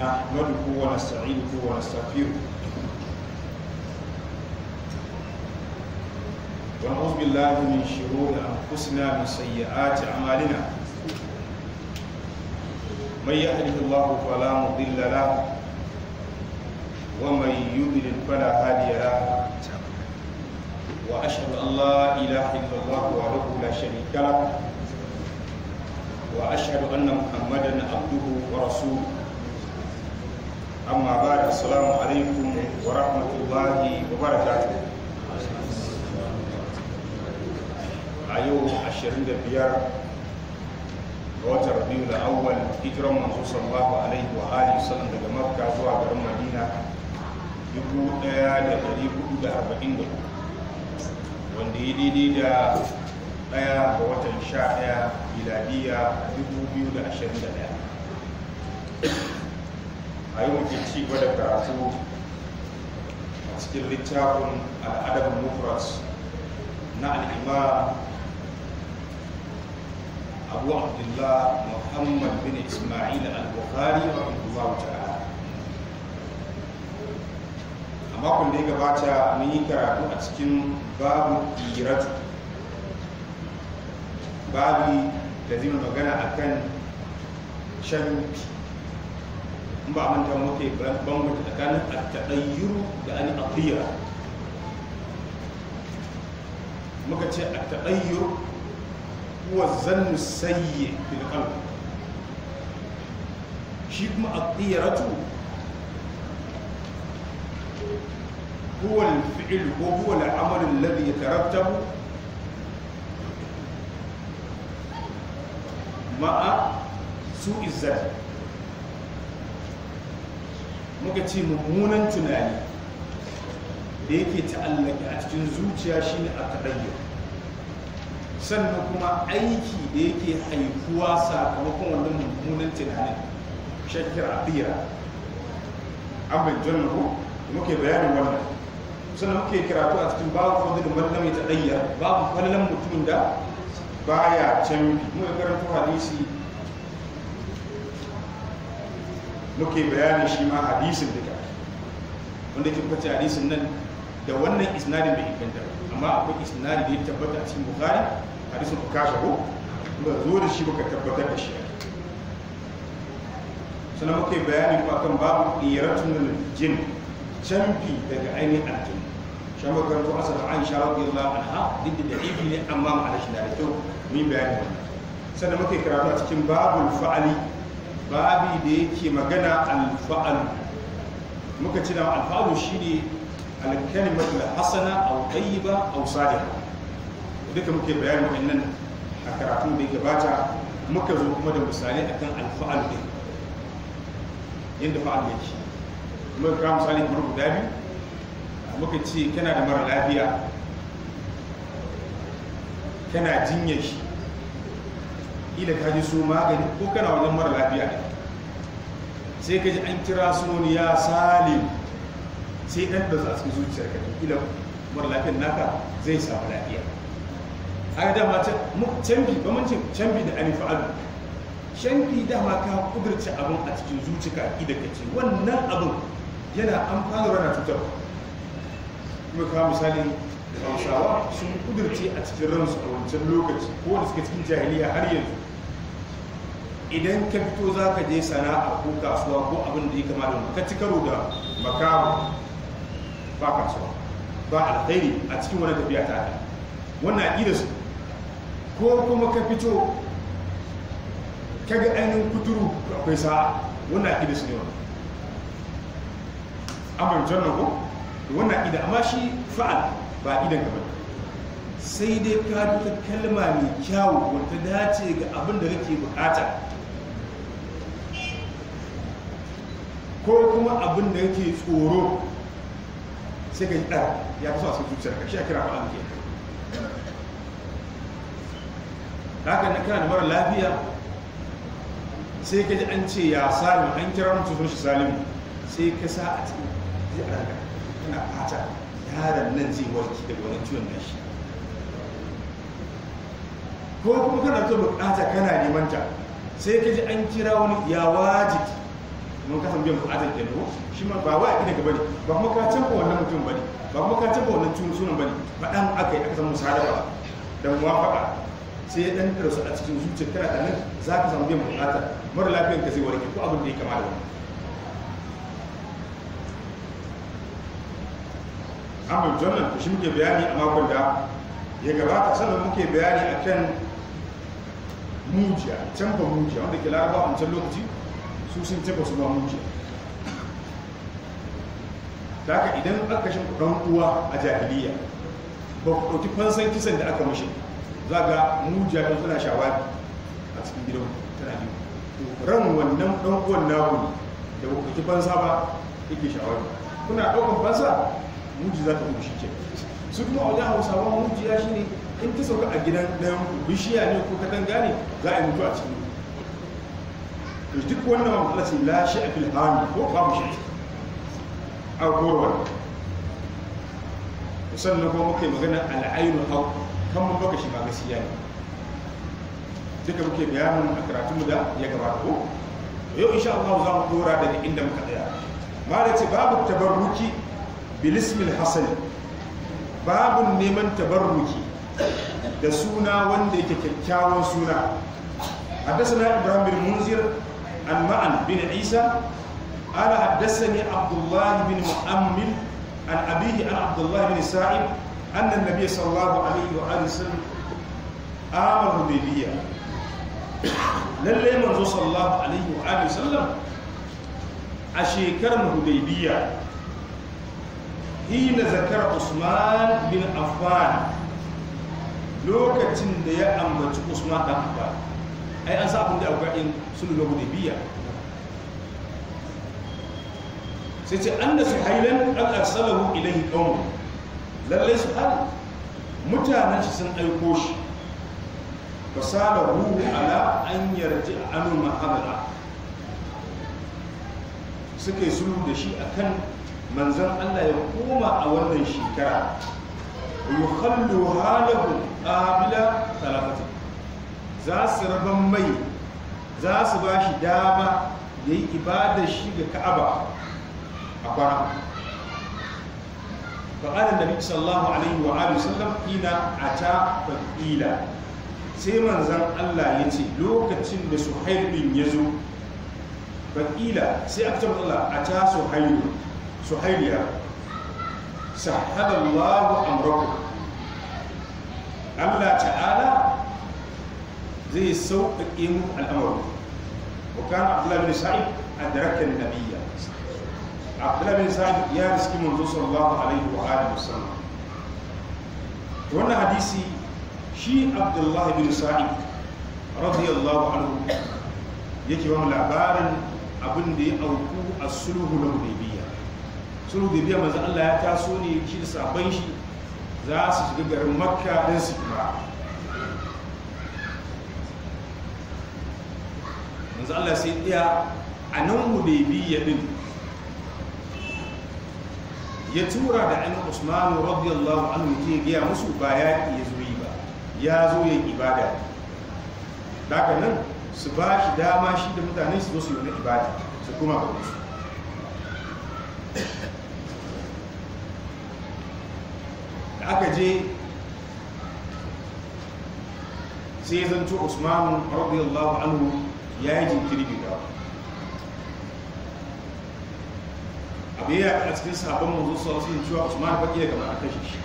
نحمده ونستعينه ونستغفره ونعوذ بالله من شرور أنفسنا من سيئات أعمالنا من يهده الله فلا مضل له ومن يضلل فلا هادي له وأشهد أن لا إله إلا الله وحده لا شريك له وأشهد أن محمدا عبده ورسوله amma ba da assalamu alaikum wa rahmatullahi wa barakatuh a yau 25 ga watan rabiu da awwal hijiran manzo sallallahu alaihi wa alihi wasallam daga makka zuwa garin madina 1443 wanda ya daidai da daya ga watan sha daya miladiya 2021 a yi muke ci gaba da karatu a cikin littafin al'adar mufras na al'ima abu abdullah muhammad bin ismail al-bukhari rahimahullahu ta'ala a makon da ya gabata mun yi karatu a cikin babu iratu babu da zai magana akan shan in ba manta muke bambanta tsakanin at-taqayyuru da al-atiyya muka ce at-taqayyur huwa zannu sayyi bil qalb shi kuma at-tiyaratu huwa al-fi'l wa huwa al-amal alladhi yatarattabu ma'a su'i zann muka ce mummunan tunani da yake ta'allaka a cikin zuciya shine a tarayyar sannan kuma aiki da yake haifuwa sakamakon wannan mummunan tunanin shakir abira an bai ko muke bayanin wannan sannan muke karatu a cikin babu fadil mallam ya babu kallon mutumin da baya can muka karanta hadisi muke bayanin shi ma hadisin duka wanda ke kwace hadisin nan da wannan isnadin bai inganta ba amma akwai isnadi da ya tabbata a cikin bukari hadisin ukasha ko ba zo da shi baka tabbatar da shi sannan muke bayani ko akan babu iyaratun jin canfi daga ainihin aljin shan makarantu asar an sha radiyallahu anha duk da da'ifi ne amma ma'ana shi na da kyau mun bayani wannan sannan muke karatu a cikin babul fa'ali babi da yake magana alfa'alu muka ci da alfa'alu shine alkalimatu hasana aw tayyiba aw sadiqa duka muke bayani wannan a karatun da ya gabata muka zo kuma da misali akan alfa'alu yadda fa'al yake muka kawo misali kamar guda biyu muka ce kana da mara lafiya kana jinyar shi kila ka ji su magani ko kana wajen mara lafiya ne sai ka ji an kira sunoni ya salim sai ɗan da za su zuciyar ka to kila mara lafiyar naka zai samu lafiya haka dama canbi bamancin canbi da alifu alu canbi dama ka kudurce abin a cikin zuciya idan ka ce wannan abin yana amfanar rana cutar kuma ka misali hausawa sun kudurce a cikin ransu a wancan lokaci ko da suke cikin jahiliya har yanzu idan ka fito za ka je sana'a ko kasuwa ko abin da ya kama da ka ci karo da makamu ba kasuwa ba alkhairi a cikin wani tafiya ta ta wannan aƙida su ko kuma ka fito ka ga ainihin kuturu akwai sa'a wannan aƙida su ne wa amon jannan ko wannan aƙida amma shi fa'al ba idan ka sai dai ka duka kalma mai kyawu wata dace ga abin da kake bukata ko kuma abin da yake tsoro sai ka yi ɗa ya fi sa su zuciyar ka shi a kira ba'an ke haka na kana da mara lafiya sai ka ji an ce ya sami an kira mutum shi salimu sai ka sa a cikin zai a ranka kana fata yaron nan zai warki daga wani ciwon shi ko kuma kana ta bukata kana neman ta sai ka ji an kira wani ya wajiki mun kasan biyan bukatar kenan ko shi ma ba wai akidar ka bane ba kuma ka canfa wannan mutum bane ba kuma ka canfa wannan tun sunan bane faɗan aka yi aka samu musadafa da muwafaka sai ya dan su a cikin zuciyar kana da nan za ka samu biyan bukatar mara lafiyar ka zai warke ko abin da ya kama da wani amma jonan shi muke bayani a makon da ya gabata sannan muke bayani akan mujiya canfa mujiya wanda ke laraba a wancan lokaci su sun taba su ba mun ce da haka idan aka kashe ɗan uwa a jahiliya ba ku ɗauki fansan kisan da aka mashi za ga mu jami'in suna shawari a cikin gidan tana biyu ran wannan ɗan uwan naku ne da ku ɗauki fansa ba yake shawari kuna ɗaukan fansa muji za ta gudu shi ke su kuma wajen hausawa ya shi ne in ta sauka a gidan ɗan bishiya ne ko katanga ne za a yi mutu a cikin تجدك ولا مرحلتي لا شعب الهان هو قام شعب أو قرون وصل لك ومكي مغنى على عين الأرض كم من بقى شباب السياني ذلك مكي بيان من أكراتم دا يقرأه ويو إن شاء الله وزام قورا دك عند مكتيا ما رأيت باب التبرك بالاسم الحسن باب نيمن تبرك دسونا وندك كتكاون سونا حدثنا إبراهيم بن منذر عن معن بن عيسى قال حدثني عبد الله بن مؤمل عن أبيه عن عبد الله بن سعيد أن النبي صلى الله عليه وآله وسلم آمر الحديبية للي منذ صلى الله عليه وآله وسلم أشيكر الحديبية حين ذكر عثمان بن عفان لوكتين دي أنبت عثمان بن عفان ai an sa abin da abuwa in sulhu da hudaybiya sai ce an da suhailan an arsalahu ilayhi qawm lalle har mutanen shi sun aiko shi fasalahu ala an yarji anu mahamala suka sulhu da shi akan manzon Allah ya koma a wannan shekara yuhallu halahu qabila talafati za su rabon mai za su ba shi dama ya yi ibada shi ga ka'aba a kwana faƙarar da biyu sallahu alaihi wa alihi sallam ina a ta faƙila sai manzan allah ya ce lokacin da su haibin ya zo faƙila sai aka tabbata allah a ta su haibiya sahalallahu amurku allah ta'ala zai sauƙaƙe mu al'amari wa kana abdullahi bin sa'id adraka nabiyya abdullahi bin sa'id ya riski manzo sallallahu alaihi wa alihi wasallam wannan hadisi shi abdullahi bin sa'id radiyallahu anhu yake wani labarin abin da ya auku a sulhu na hudaybiya da hudaybiya manzo Allah ya taso ne shi da sabon shi za su shiga garin makka don su yanzu Allah sai iya a nan hudaibiyya din ya tura da ainihin Usmanu radiyallahu anhu ke gaya musu ba ya ya zuri ba ya zo yin ibada daga nan su ba shi dama shi da mutane su zo su yi ibada su kuma ba musu da aka je sai zan zanto Usmanu radiyallahu anhu ya yi jinkiri bai a abu ya a cikin sabon manzo sauransu yin cewa Usman ba iya gama a kashe shi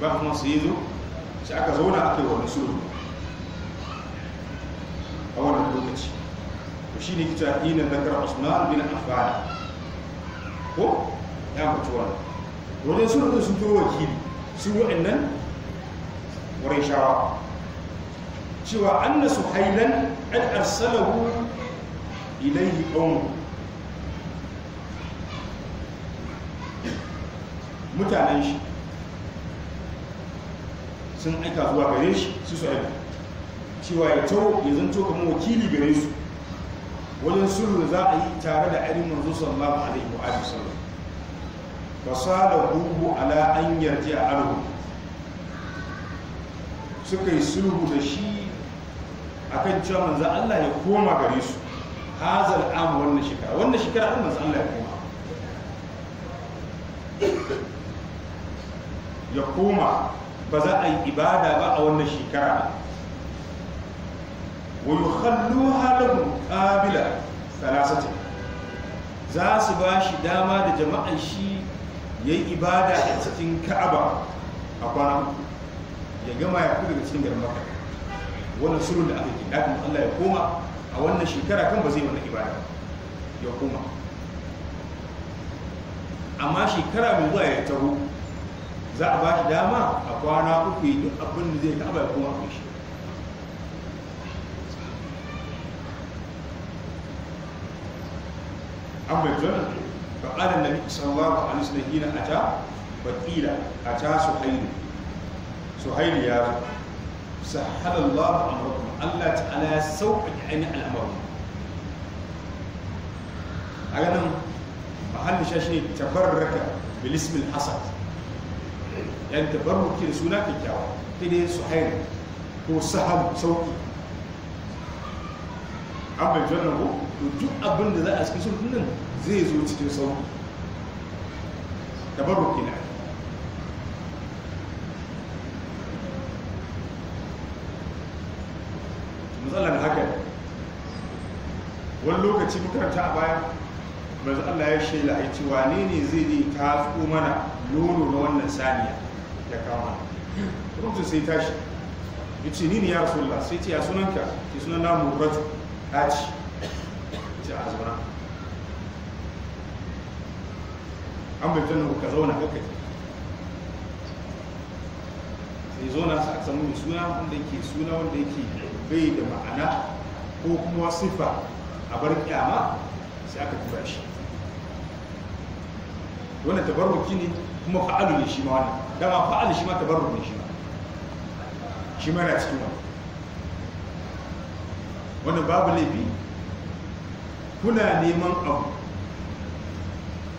ba kuma su yi zo shi aka zauna a yi wani suru a wannan lokaci to shi ne kita ina kara Usman bin Affan ko ya mutuwa wajen sulhu sun to wakili su wa'annan qurayshawa cewa anna suhailan an arsalahu ilayhi qawmu mutanen shi sun aika zuwa gare shi su su aika cewa ya tau ya zanto kamar wakili gare su wajen sulhu za a yi tare da ainihin manzo sallallahu alaihi wa sallam fasada hubu ala an yarji a arhu suka yi sulhu da shi akan cewa manzo Allah ya koma gare su hazal am wannan shekara wannan shekara an manzo Allah ya koma ya koma ba za a yi ibada ba a wannan shekara wa yukhalluha lahum qabila salasati za su ba shi dama da jama'an shi yayi ibada a cikin Ka'aba a kwana uku ya gama ya fito daga cikin garin maka wannan da aka yi da kuma Allah ya koma a wannan shekara kan ba zai wannan ibada ya koma amma shekara mai zuwa ya taho za a ba shi dama a kwana uku yi duk abin da zai taɓa ya koma a shi an bai zuwa ba ƙalan a ta ba ƙila a ta su suhailu suhaili ya zo sahalallahu amrakum Allah ta'ala ya sauƙaƙe ainihin al'amari a ganin hannun sha ne tabarraka bil ismil hasad yan tabarruki da suna kyakkyawa ta dai suhaili ko sahal sauƙi an bai jona ko to duk abin da za a cikin sun nan zai zo cikin sauƙi tabarruki na matsalan haka wani lokaci makaranta a baya manzo Allah ya shela ya ce wane ne zai ne ka tsu mana nono na wannan saniya da kama rubutu sai tashi ya ce ni ne ya rasu rasulullah sai ce ya sunanka ke sunan na murratu ta ci ce a zauna an bai tunan ka zauna kaka ce sai zauna sa a samu mai suna wanda ke suna wanda yake bai da ma'ana ko kuma sifa a bar kyama sai aka tura shi wannan tabarruki ne kuma fa'alu ne shi ma wannan dama fa'alu shi ma tabarruki ne shi ma shi ma yana cikin wannan wannan babu laifi kuna neman abu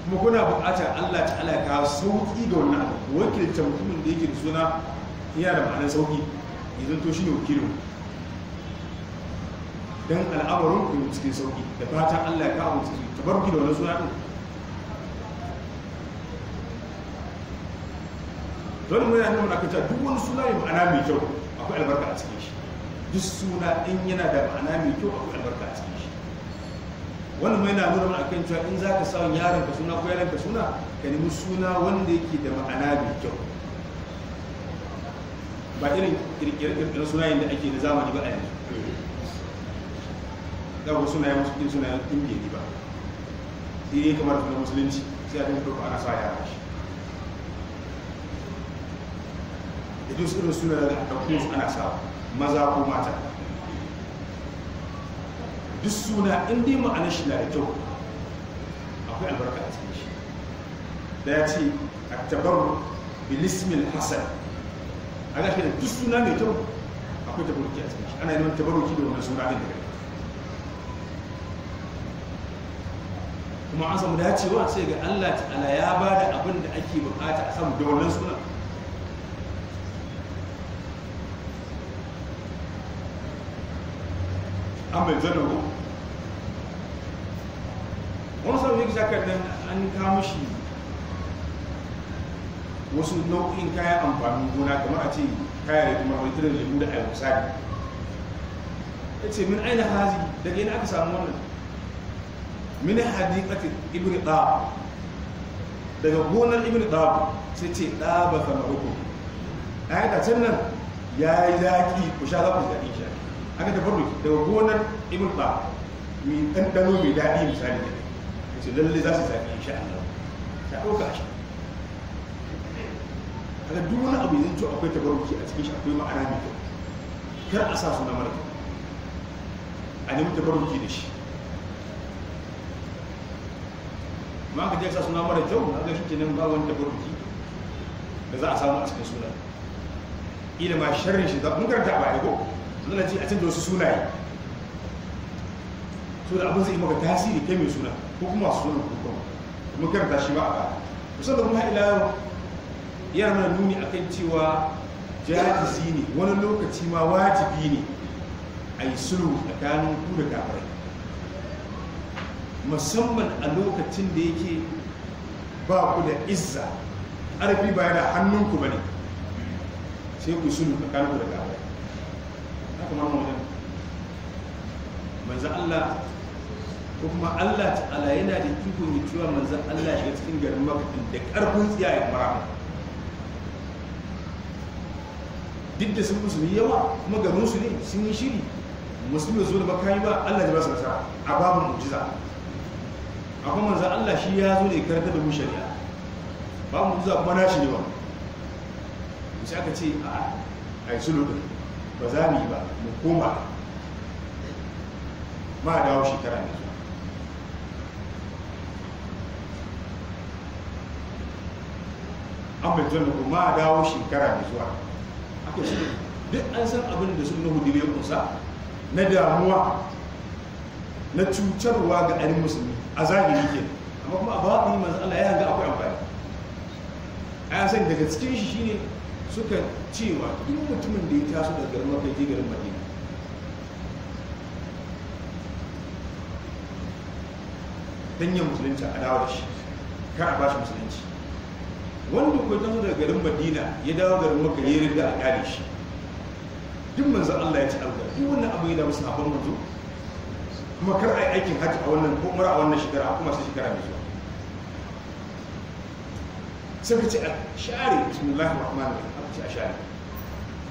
kuma kuna buƙatar Allah ta'ala ya kawo sauƙi ga wannan abu wakilta mutumin da yake da suna yana da ma'anar sauƙi idan to shi ne wakilin don al'amarin ku yi cikin sauki da fatan Allah ya kawo mutu ta barki da wani suna ɗin don mu yana nuna kaca duk wani suna yi ma'ana mai kyau akwai albarka a cikin shi duk suna in yana da ma'ana mai kyau akwai albarka a cikin shi wani mai na nuna a kan cewa in za ka samun yaron ka suna ko yaron ka suna ka nemi suna wanda yake da ma'ana mai kyau ba irin kirkirar suna yin da ake na zamani ba a yanzu za ku suna yawan sukin suna yawan ɗinke ba sai dai kamar da musulunci sai a dinka ana sa yara shi da duk irin suna da ɗauko su ana sa maza ko mata duk suna in dai ma'anar shi na da kyau akwai albarka a cikin shi da ya ce a tabar bilismin hasan a ga shi da duk suna mai kyau akwai tabaruki a cikin shi ana neman tabaruki da wani suna ɗin daga kuma an samu dacewa sai ga Allah ta'ala ya ba da abin da ake bukata a samu da wannan suna an bai zana ko wani sau yake shakar nan an kama shi wasu nau'in kayan amfanin gona kamar a ce kayan da kuma wani tirin lemu da ayyuka ya ce min aina hazi daga yana aka samu wannan min hadiqati ibn da daga gonar ibn da sai ce da ba samaruku ai yi can nan ya yi zaki ku sha zaku zaki sha aka tafarru daga gonar ibn da mi dan dano mai dadi misali ne ce lalle za su zaki insha Allah ta dauka shi kaga duk wani abu yanzu akwai tabarruki a cikin shi akwai ma'ana mai kyau kar a sa suna mara kyau a nemi tabarruki da shi ma ka je sa suna mara kyau na zai shi nan ba wani tabarruki da za a samu a cikin suna ila ma sharri shi mun karanta ba ko zan ji a canza wasu sunaye so da abin zai maka tasiri kai mai suna ko kuma su suna ko kuma mun karanta shi ba a ba musan da kuma ila yau yana mana nuni akan cewa jajizi ne wani lokaci ma wajibi ne a yi sulhu tsakanin ku da kafirai musamman a lokacin da yake ba ku da izza ƙarfi ba da hannunku ba ne sai ku sunu kanku da gaba na kuma wajen manzan Allah ko kuma Allah ta'ala yana da ikon ya cewa manzan Allah ya cikin garin makaɗin da ƙarfin ya mara duk da sun musulmi yawa kuma garinsu ne sun yi shiri musulmi zuwa makayi ba Allah ya ba su nasara a babu mujiza amma manzan Allah shi ya zo ne karanta da mu shari'a ba mu zuwa kuma nashi ne ba mu sai aka ce a a yi sulu ba za mu yi ba mu koma ma dawo shekara ne zuwa an bai zuwa ko ma dawo shekara ne zuwa aka shi duk an san abin da sun nuhu dire kusa na damuwa na cutarwa ga ɗari musulmi a zahiri ke amma kuma a ba baɗi manzo Allah ya hanga akwai amfani a yasa daga cikin shi shine suka cewa duk mutumin da ya taso daga garin mafi ke garin madina don yin musulunci a dawo da shi kan a bashi musulunci wanda kuwa taso daga garin madina ya dawo garin maka ya rinda a kare shi duk manzan Allah ya ci alga duk wannan abu da musu abin mutum kuma kar a yi aikin hajji a wannan ko umra a wannan shekara a kuma sai shekara mai zuwa sai ka ce a share bismillahir rahmanir rahim aka ce a share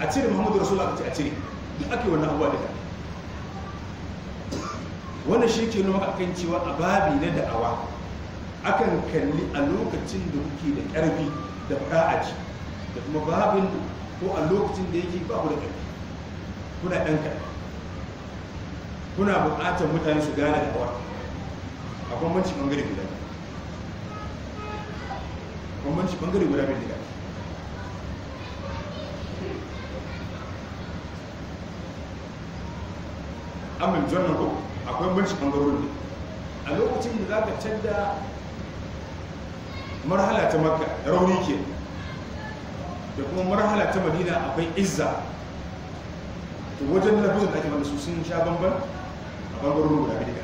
a cire muhammadu rasulullah aka ce a cire duk ake wannan abuwa da wannan shi ke nuna akan cewa a babi na da'awa akan kalli a lokacin da kuke da ƙarfi da fa'aji da kuma babin ko a lokacin da yake babu da ƙarfi kuna ɗan ƙarfi kuna buƙatar mutane su gane da awa a bambanci bangare guda bambanci ɓangare guda mai diga amin jannan ko akwai bambanci ne a lokacin da za ka canza marhala ta makka rauni ke da kuma marhala ta madina akwai izza to wajen lafizin da ake wanda su sun sha bambam bangarorin guda biyu ba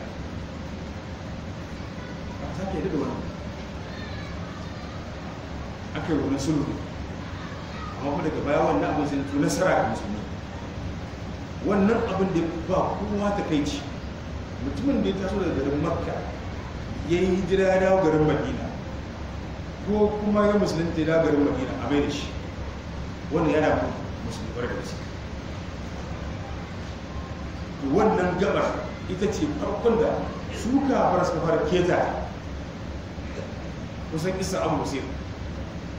a sake yadda da wani aka yi wani sulhu amma kuma daga baya wannan abin sai na nasara ga musulmi wannan abin da ba kowa ta kai ci mutumin da ya taso da garin makka ya yi hijira ya dawo garin madina ko kuma ya musulunta ya dawo garin madina a mai da shi wannan yana musulmi bar da gaske wannan gabar ita ce farkon da su fara suka fara keta kusan isa abu musir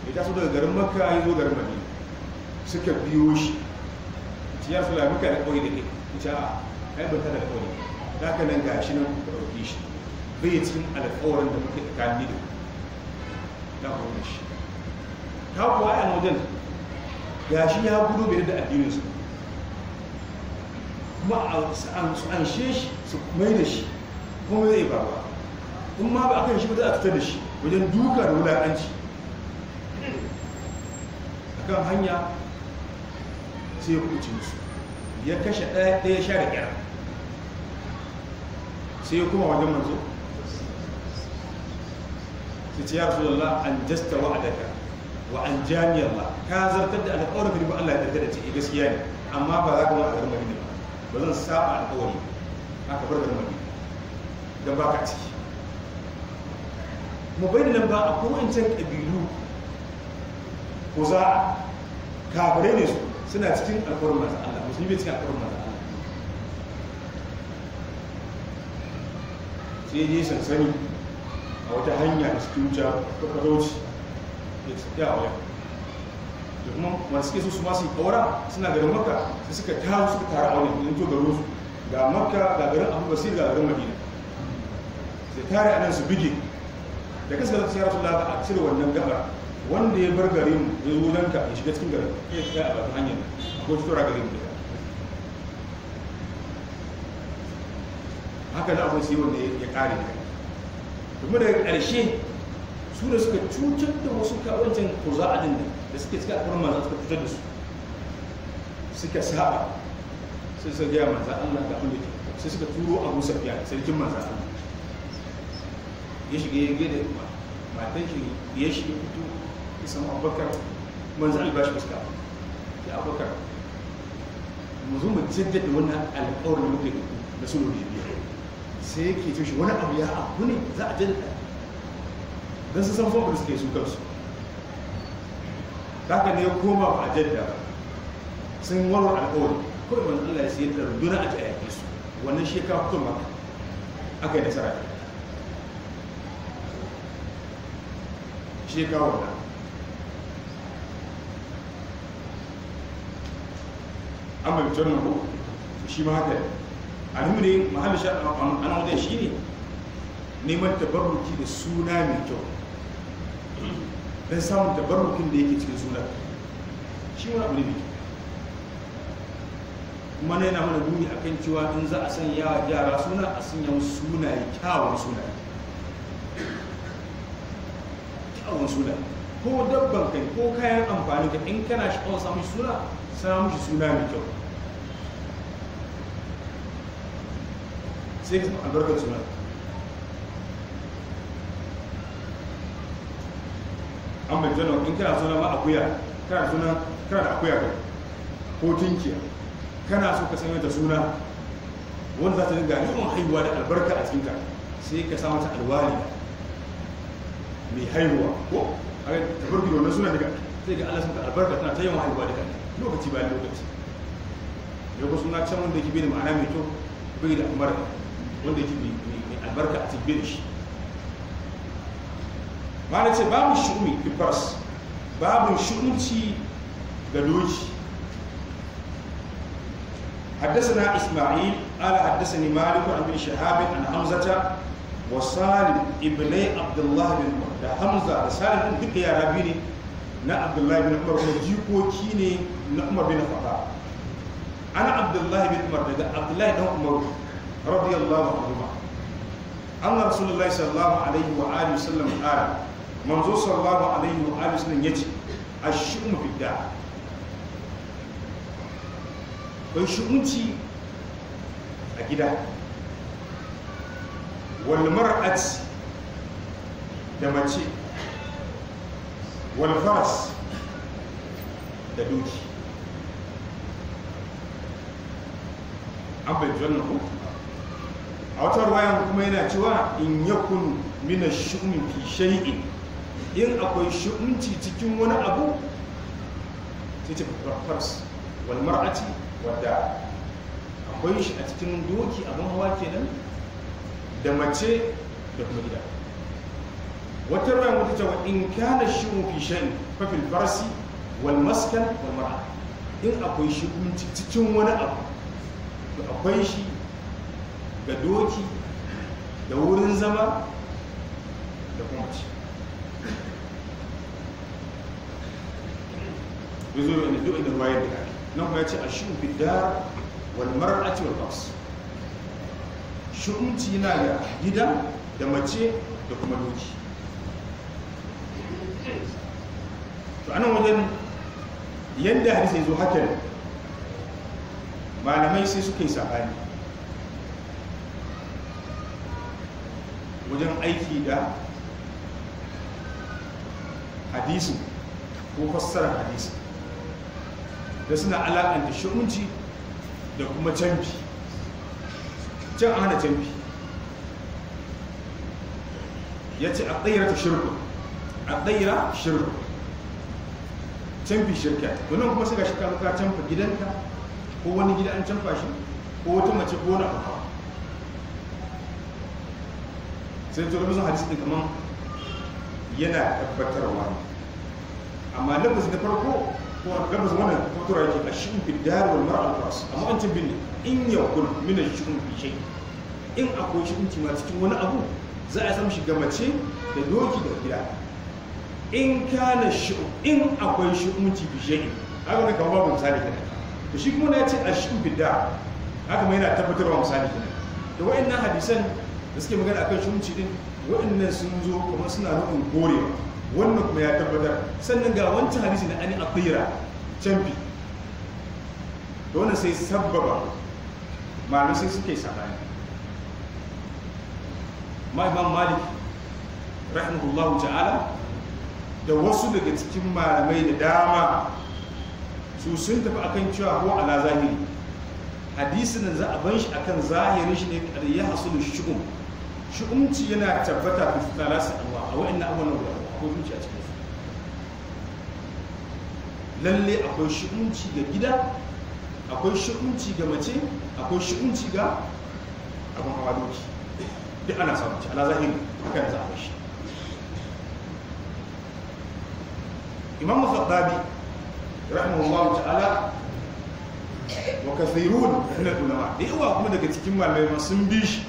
ya taso daga garin makka ya zo garin madina suka biyo shi ci ya sula muka da kawai da ke ita a aibata da kawai da ka nan ga shi nan ka ɗauki shi bai cikin alƙawarin da muke tsakanin da na kuma shi ta kuwa a wajen ga shi ya gudu bai da addininsu kuma su anshe shi su mai da shi kuma zai ba ba in ma ba a kan shi ba za a fitar da shi wajen duka da wulaƙanci a kan hanya sai ya kuɗi musu ya kashe ɗaya ɗaya sha da ƙyar sai ya kuma wajen manzo sai ce ya rasu da Allah an jasta adaka wa an jami'ar ka zartar da alƙawarin da Allah ya da ce eh, gaskiya ne amma ba za ka ma a ba ba zan da kawai aka bar da mani don ba ka ciki mu nan ba a kowancan ƙabilu ko za kafare ne su suna cikin alkawarin masu Allah musulmi bai cikin alkawarin masu Allah sai dai sansani a wata hanya da suke wuce ta kwaroci ya a wajen da kuma masu suke so su masu kawara suna garin maka sai suka taru suka taru a wani yanzu garin su ga maka ga garin abu basir ga garin madina sai tare a nan su bige da kasa da yara su da a cire wannan gabar wanda ya bar garin ya zo nan ka ya shiga cikin garin ya shiga a bakin hanyar a ko tura garin da haka da abin sai wanda ya kare ka kuma daga ƙarshe su da suka cutar da wasu kawancin ko za a dinnan da suke cika a gurin manzo suka fitar da su suka saba sai sai gaya manzo Allah ga abin ke sai suka turo Abu Sufyan sarkin manzo Allah ya shiga da kuma matan shi ya shiga fito ya samu Abubakar manzo Allah bashi fuska ya Abubakar mu zo mu jaddada wannan alƙawarin da muke da su ne sai yake ce shi wani abu ya abu ne za a jaddada don su san fokus ke su kansu da haka ne ya koma wa ajadda sun warwar alƙawari kawai manzo Allah ya sayar da runduna a ji a su wannan shekara hukun maka aka yi nasara shekara wannan an bai fitar nan ko shi ma haka alhimu ne mahallin an wajen shi ne neman tabarruki da suna mai kyau don samun tabarrukin da yake cikin suna shi wani abu ne mai kuma na yana mana guri akan cewa in za a sanya yara suna a sanya sunaye kyawun suna kyawun suna ko dabban kai ko kayan amfani ka in kana shi kawai samun suna samu shi suna mai kyau sai ka albarkar suna an bai zanen in kana sunan ma akuya kana sunan kana da akuya kai ko tinkiya kana so ka sanya ta suna wanda za ta dinga yawan haihuwa da albarka a cikinka sai ka samu ta alwali mai haihuwa ko a ga tafarki da wannan suna daga sai ga Allah suka albarka tana ta yawan haihuwa daga lokaci bayan lokaci ya ku suna can wanda yake bai da ma'ana mai kyau bai da amara wanda yake mai albarka a cikin shi ba na ce babu shirmi ifars babu shirmci ga doji haddasa isma'il ala haddasa ne maliku abin shahabi wa salim ibnai abdullahi bin umar da hamza da salim din duka yara biyu ne na abdullahi bin umar da jikoki ne na umar bin faɗa ana abdullahi bin umar daga abdullahi dan umar radiyallahu anhu ma an rasulullahi sallallahu alaihi wa alihi wasallam qala manzo sallallahu alaihi wa alihi wasallam yace ash bidda kai shumci a gida wal mar'at da mace wal faras da doki an bai janna ku a wata ruwayan kuma yana cewa in yakun mina ash fi shay'in in akwai shu'unci cikin wani abu sai ce fars wal mar'ati wadda akwai shi a cikin doki abin hawa kenan da mace da kuma gida wata ran wata ta in kana shi'un fi shay'in fa fil farsi wal maskan wal mar'a in akwai shu'unci cikin wani abu da akwai shi ga doki da wurin zama da kuma mace ya yana da a shin bidda yana da gida da mace da kuma doki to anan wajen yadda hadisi ya zo haka malamai sai suke yi wajen aiki da hadisi ko fassarar hadisi da suna da shi'unci da kuma canfi can hana canfi ya ce a ɗaira ta shirku a ɗaira shirku canfi shirka wani kuma suka shi kamuka canfa gidanka ko wani gida an canfa shi ko wata mace ko na abu sai to ga musu hadisi kamar yana tabbatarwa amma lafaz na farko ko lafaz wani tabbatarwa yake a shi bin dar wal mar'a qas amma an bin in kun min ash-shukun bi shay in akwai shi ma cikin wani abu za a samu shiga mace da doki da gida in kana shi in akwai shi umci bi shay haka ne kamar babu misali kenan to shi kuma ya ce a shi bi dar haka mai yana tabbatarwa misali kenan da wa'annan hadisan da suke magana akan shumci din waɗannan sun zo kuma suna nufin korewa wannan kuma ya tabbatar sannan ga wancan hadisi na ani akhira canfi da wannan sai sabbaba malamai sai suke sabani ma imam malik rahimahullahu ta'ala da wasu daga cikin malamai da dama su sun tafi akan cewa ko ala zahiri hadisin za a ban shi akan zahirin shi ne ya hasulu shugun shi umci yana tabbata fi talasa Allah a wa'annan na guda akwai zuci a cikin lalle akwai shi'unci ga gida akwai shi'unci ga mace akwai shi'unci ga abin hawa doki duk ana samun ci ala zahiri hakan za a shi imamu saddabi rahimahullah ta'ala wa kathirun min al-ulama da yawa kuma daga cikin malamai sun bi shi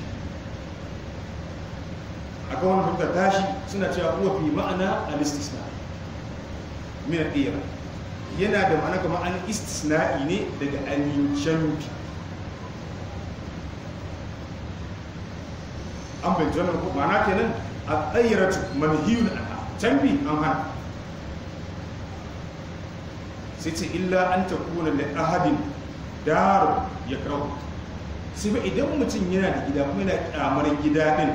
akwai wanda suka tashi suna cewa kuma fi ma'ana al-istisna min al-qiyam yana da ma'ana kuma an istisna'i ne daga an yujanbi an bai jana ko ma'ana kenan a tsayyaratu manhiyun anha canbi an hana sai ce illa an kuna da ahadin daru ya kawo. sai ba idan mutum yana da gida kuma yana kyamar gida din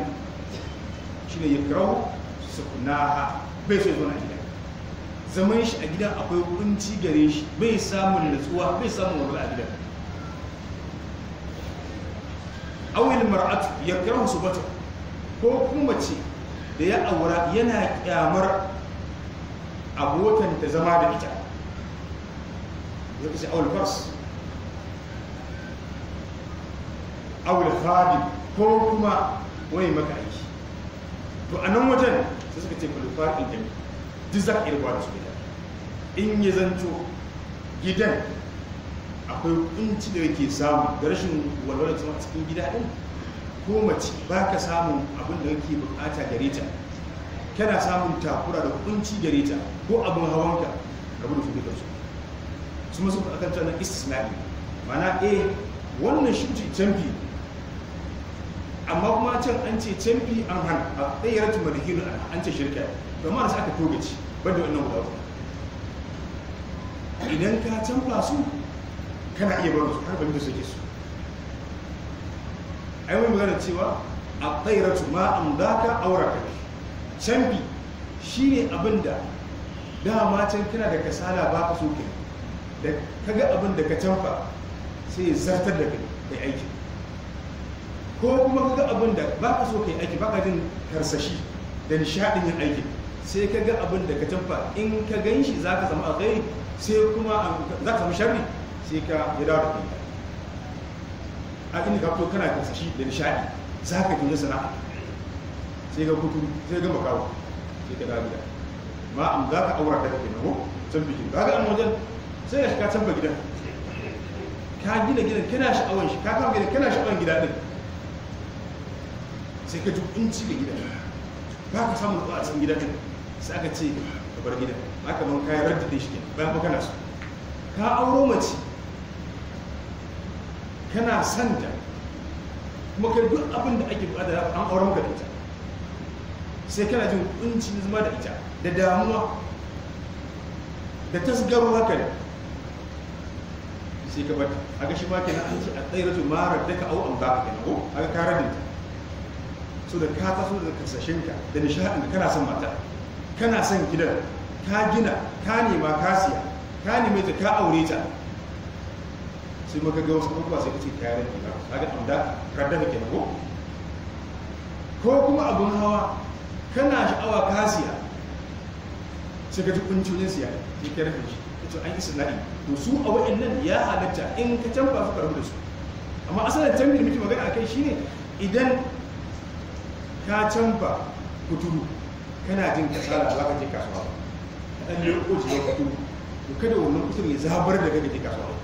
shine yakrahu sukunaha bai so zuwa gida zaman shi a gida akwai kunci gare shi bai samun natsuwa bai samun walwala a gida awil mar'atu su bata ko kuma ce da ya aura yana kyamar abokan ta zama da ita ya kace awil fars awil khadim ko kuma wani maka aiki to a nan wajen sai suka ce kulufar idan duk za ka iya da su gida in ya zanto gidan akwai kunci da yake samu da rashin walwala ta a cikin gida ɗin ko mace ba ka samun abin da yake bukata gare ta kana samun takura da kunci gare ta ko abin hawanka ka da su duka su su masu akan tana istisnai mana a wannan shi canfi amma kuma can an ce canfi an hana a ɗayyar da madahinu an ce shirka domin da aka ba banda wannan guda uku idan ka canfa su kana iya barin su har da suke su yi mun magana cewa a ɗayyar tuma ma an daka aura ka canfi ne abin da dama can kana da kasala ba ka so ke da kaga abin da ka canfa sai zartar da kai da aikin ko kuma kaga abin da ba ka so kai aiki ba ka jin karsashi da nishadin yin aiki sai ka ga abin da ka tamfa in ka gan shi za ka zama a kai sai kuma za ka samu sharri sai ka ya dawo da kai a inda ka fito kana karsashi da nishadi za ka gina sana'a sai ga kutu sai ga makawo sai ka dawo ma am za ka aura daga kenan nawo can bikin ka ga an wajen sai ka shiga can ba gidan ka gina gidan kana sha'awar shi ka kama gidan kana sha'awar gida din sai ka ji kunci ga gidan ba ka samun kuɗa a cikin gidan sai aka ce ka bar gidan ba ka man kayan da shi kenan bayan kana so ka auro mace kana ta kuma kai duk abin da ake buƙata an auren maka da ita sai kana jin kunci zama da ita da damuwa da tasgaro haka ne sai ka bata a ga shi ke na an ce a tsaye ratu marar daga ka au an ba ka kenan ko a ga karar da ita so da ka taso da kasashenka da nishadin da kana son mata kana son gidan ka gina ka nema ka siya ka neme ta ka aure ta sai maka ga wasu abubuwa sai kace kayan yarda ba ga amda radda kake nago ko kuma abun hawa kana sha'awa ka siya sai ka ji kuncin siya sai ka rufe shi to an nadi to su a wa'annan ya halatta in ka canfa su karbu da su amma asalin canfi da magana akai shine idan ka canfa kuturu kana jin kasala za ka je kasuwa ba ɗan yi ko ka tu ko kada wannan kuturu ya zabar da kake je kasuwa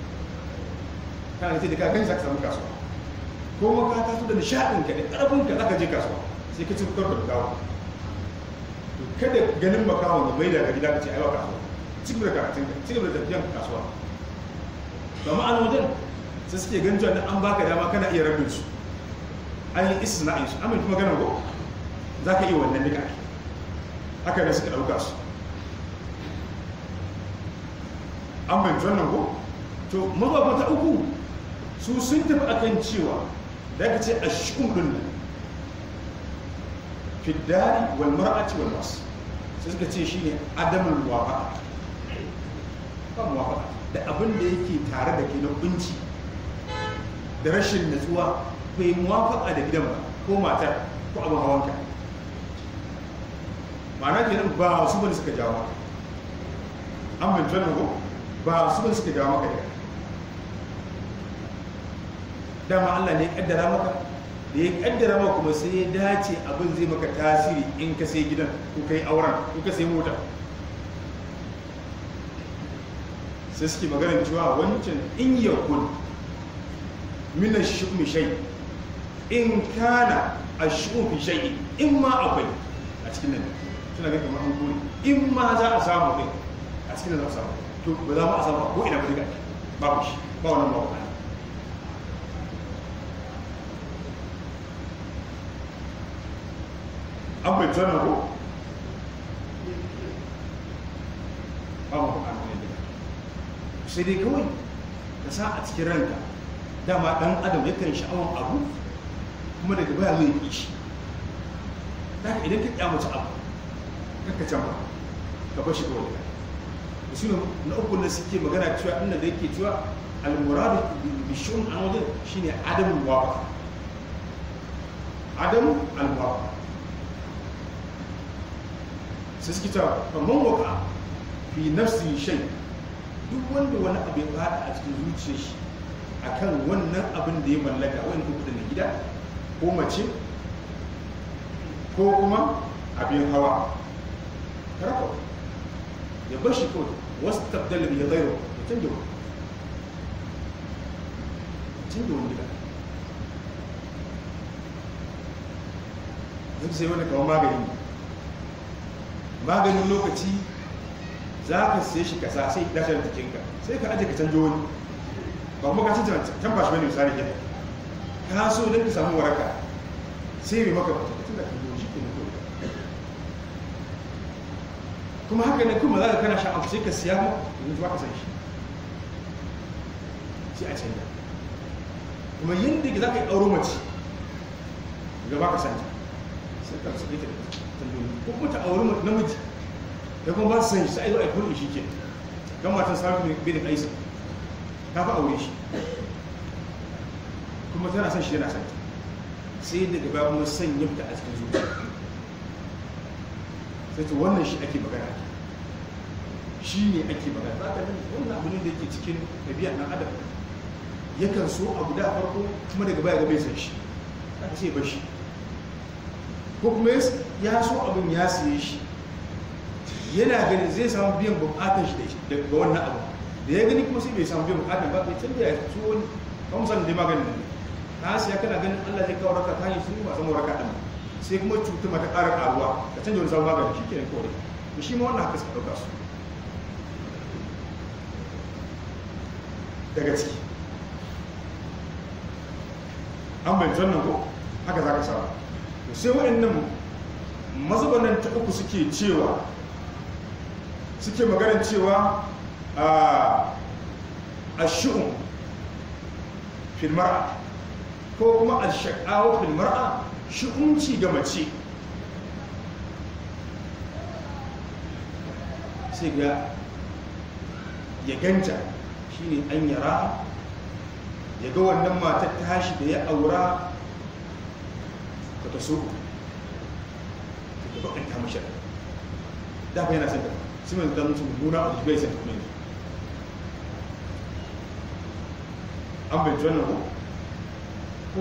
kana ce da ka gani saka ka samu kasuwa ko ma ka taso da nishadin ka da karfin ka zaka ka je kasuwa sai ka ci kutar da kawo to kada ganin makawan ya maida ka gida ka ce aiwa kasuwa ci gaba da karatun ka ci gaba da tafiyan kasuwa ba ma'ana wajen sai suke ganin cewa an baka dama kana iya rabin su an yi isna'in su amince magana ko za ka iya wannan nika haka ne suka ɗauka su an fahimci wannan ko to mababa ta uku su sun tafi a kan cewa da ka ce a shi'urin nan fiddari wal mar'ati wal masu sai suka ce shi ne adamin wafa da abin da yake tare da ke na kunci da rashin natsuwa bai muwafaqa da gidan ba ko matar ko abin hawan kai ma'ana kenan ba su bane suka jawo maka an bin tunan ko ba su bane suka jawo maka da dama Allah ne ya kaddara maka da ya kaddara maka kuma sai ya dace abin zai maka tasiri in ka sai gidan ko kai auren ko ka sai mota sai suke maganar cewa wancan in kun min ash-shumi shay in kana ash-shumi shai in ma akwai a cikin nan suna ga kamar an kori in ma za a samu kai a cikin da za a samu to ba za mu a samu ko ina ba zai ba ku shi ba wannan ba ana an bai tsana ko ba babu ba ne daga sai dai kawai ka sa a cikin ranka dama dan adam yakan sha'awar abu kuma daga baya zai yi shi idan ka kyamata abu kakka canfa ka bashi kawai da shi na uku na suke magana cewa inda da yake cewa al-muradu bi shun an wajen shine adamu wawa adamu al-wawa sai suke cewa kamar waka fi nafsi shai duk wanda wani abu ya fada a cikin zuciyar shi akan wannan abin da ya mallaka wani kuɗi na gida ko mace ko kuma abin hawa tarko ya bar shi kawai wasu tabdal bi ghayru ya canza wani canza gida zai sai wani kawai magani maganin lokaci za ka sai shi kasa sai ka dace da jikinka sai ka ajiye ka canjo wani ba kuma ka canza can ba shi misali gida ka so don ka samu waraka sai mai maka ba da kan yi kuma haka ne kuma za ka kana sha'afu sai ka siya mu yanzu ba ka san shi sai a canza kuma yadda za ka yi auro mace ga ba ka san ta sai ka su ita tambayi ko kuma ta auri namiji da kuma ba su san shi sai a yi a kullum shi ke don matan samun bin aisa ta fi aure shi kuma tana san shi yana san ta sai daga babu sanya fita a cikin zuwa ta ce wannan shi ake magana shi ne ake magana za ka nuna wannan abu ne da yake cikin ɗabi'a na adam yakan so a guda farko kuma daga baya ga bai san shi za ka ce ba shi ko kuma ya so abin ya siye shi yana gani zai samu biyan bukatar shi daga wannan abu da ya gani kuma sai bai samu biyan bukatar ba bai canza ya so wani kamar da dai maganin ne na siya kana ganin allah zai kawo raka ta yi sun yi masu mawaraka ɗan sai kuma cutar mata ƙara ƙaruwa ka canza wani sabon magani shi kenan kawai to shi ma wannan haka suka ɗauka su daga ciki an bai zannan ko haka za ka samu to sai waɗannan mazubanan ta uku suke cewa suke maganin cewa a shi'un filmara ko kuma a shakawa filmara shi'unci ga mace sai ga ya ganta shi ne an yara ya ga wannan matar tashi da ya aura ka ta so ka ta bakanta mashi da dafa yana sanda su mai zan mutum mummuna a jibai sai kuma yi an bai tuwan ko